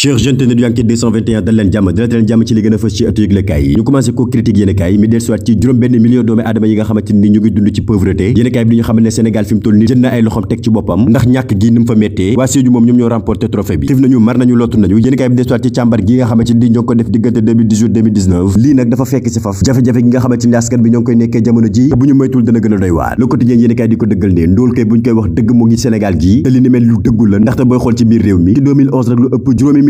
cher jentenet yu enquête 221 dal leen jàmm dal jàmm ci li gën a fës ci ëttu yëglekaay yi ñu commencé ko critique yéenekaay mi del soit ci juróom benn million doomu aadama yi nga xamante ni ñu ngi dund ci pauvreté yéenekaay bi li ñu xamal ne Sénégal fi mu toll ni na ay loxom teg ci boppam ndax ñàkk gi ni fa méttee waa Sédhiou moom ñoom ñoo remporté trophée bi xiif nañu mar nañu lottu nañu yéenekaay bi del soit ci càmbar gi nga xamante ci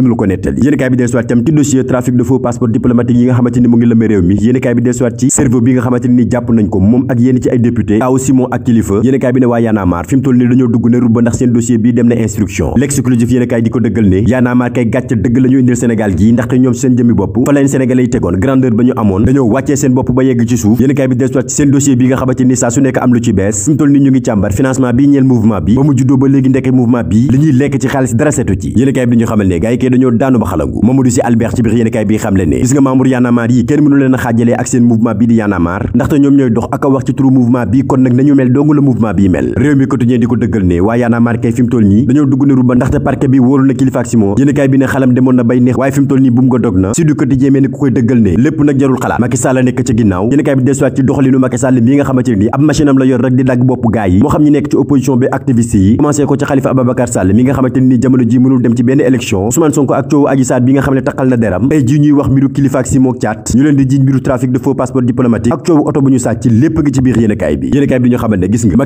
mënul ko bi dellusiwaat tam ci dossier trafic de faux passeport diplomatique yi nga xamante mu ngi lëmbe réew mi yéenekaay bi dellusiwaat ci cerveau bi nga xamante ni jàpp nañ ko moom ci ay député toll nii ñu indil Sénégal gii ndaxte ñoom seen jëmmi bopp fa leen ba ñu amoon dañoo wàccee seen bopp ba ci suuf yéenekaay bi ci seen dossier bi nga xamante saa su nekk am lu ci bees fi toll nii ñu ngi càmbar financement bi ñeel mouvement bi ba mu juddoo ba dañoo daanu ba xalangu Mamadou Sy Albert ci bi xam le ne gis nga membre Y a marre yi kenn mënu leen a xaajalee ak seen mouvement bi di Y a marre ndaxte ñoom ñooy dox ak a wax ci turu mouvement bi kon nag nañu mel dong la mouvement bi mel réew mi quotidien di ko dëggal ne waa Y a kay fi mu toll dañoo dugg ne ruba ndaxte parquet bi wóolu na kilifa ak Simon yéenekaay bi ne xalam demoon na bay neex waaye fi mu toll nii bu nga dog na si ni ku koy dëggal ne lépp nag jarul xalaat Macky Sall nekk ca nga xamante ne ab am la yor rek di dagg bopp ko ci Sonko ak coowu Adji bi nga xam ne taqal na deram tey ji ñuy wax mbiru kilifa ak Simon Thiat ñu leen di jiiñ mbiru trafic de passeport diplomatique ak coowu oto bu ñu sàcc lépp ngi ci biir yéenekaay bi yéenekaay ñu xamal ne gis la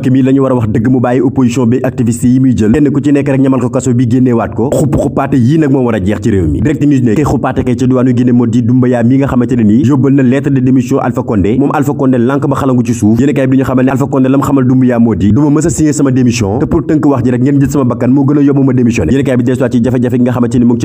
mu xamal ne Alpha moo di duma mës a signé sama démission te pour tënk wax ji rek ngeen jël sama bakkan moo gën a yomb ma démissionné yéenekaay bi dellusiwaat ci jafe-jafe nga xamante ni mu ngi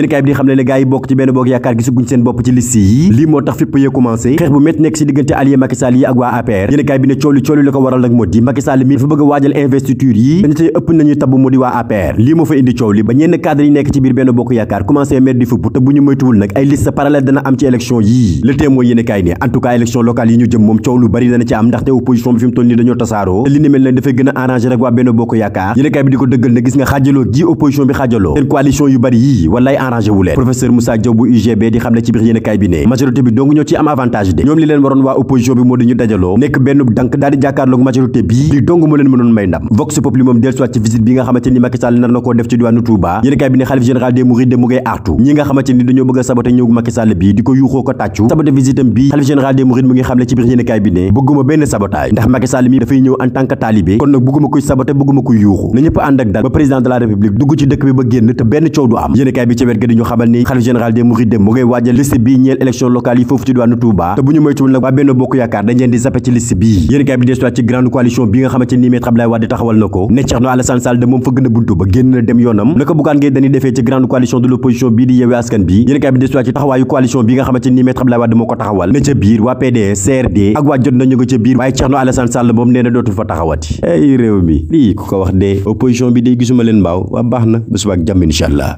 yéen kaay bi di xam ne ne gars yi bokk ci benn bokk yaakaar gis nga xaajaloo gi opposition bi xaajaloo seen coalition yu bari yii wallaay arrangé wu professeur Moussa Diop bu UGB di xam ne ci biir yéenekaay bi majorité bi dong ñoo ci am avantage de ñoom li leen waroon waa opposition bi moo di ñu dajaloo nekk benn dank daal di jàkkaarloog majorité bii li dong moo leen mënoon may ndam vox populi moom dellusiwaat ci visite bi nga xamante ni Macky Sall na koo def ci diwaanu Touba yéenekaay bi xalif général des mu ngay mu ngi xam ne ci biir yéenekaay bi ne benn sabotage wet benn dem yoonam naka bugaan ngay dañuy defee ci grande coalition de di yeewee askan bi yéen kaay bi des ci taxawaayu coalition bi nga xamante ni Maître Abdoulaye Wade moo ko taxawal ne ca biir waa PDS CRD ak waa jot nañu nga ca biir waaye Thierno Alassane Sall moom nee na dootul fa taxawati ay réew mi ku ko wax dee opposition bi day gisuma leen mbaaw waa baax na bu subaak jàmm incha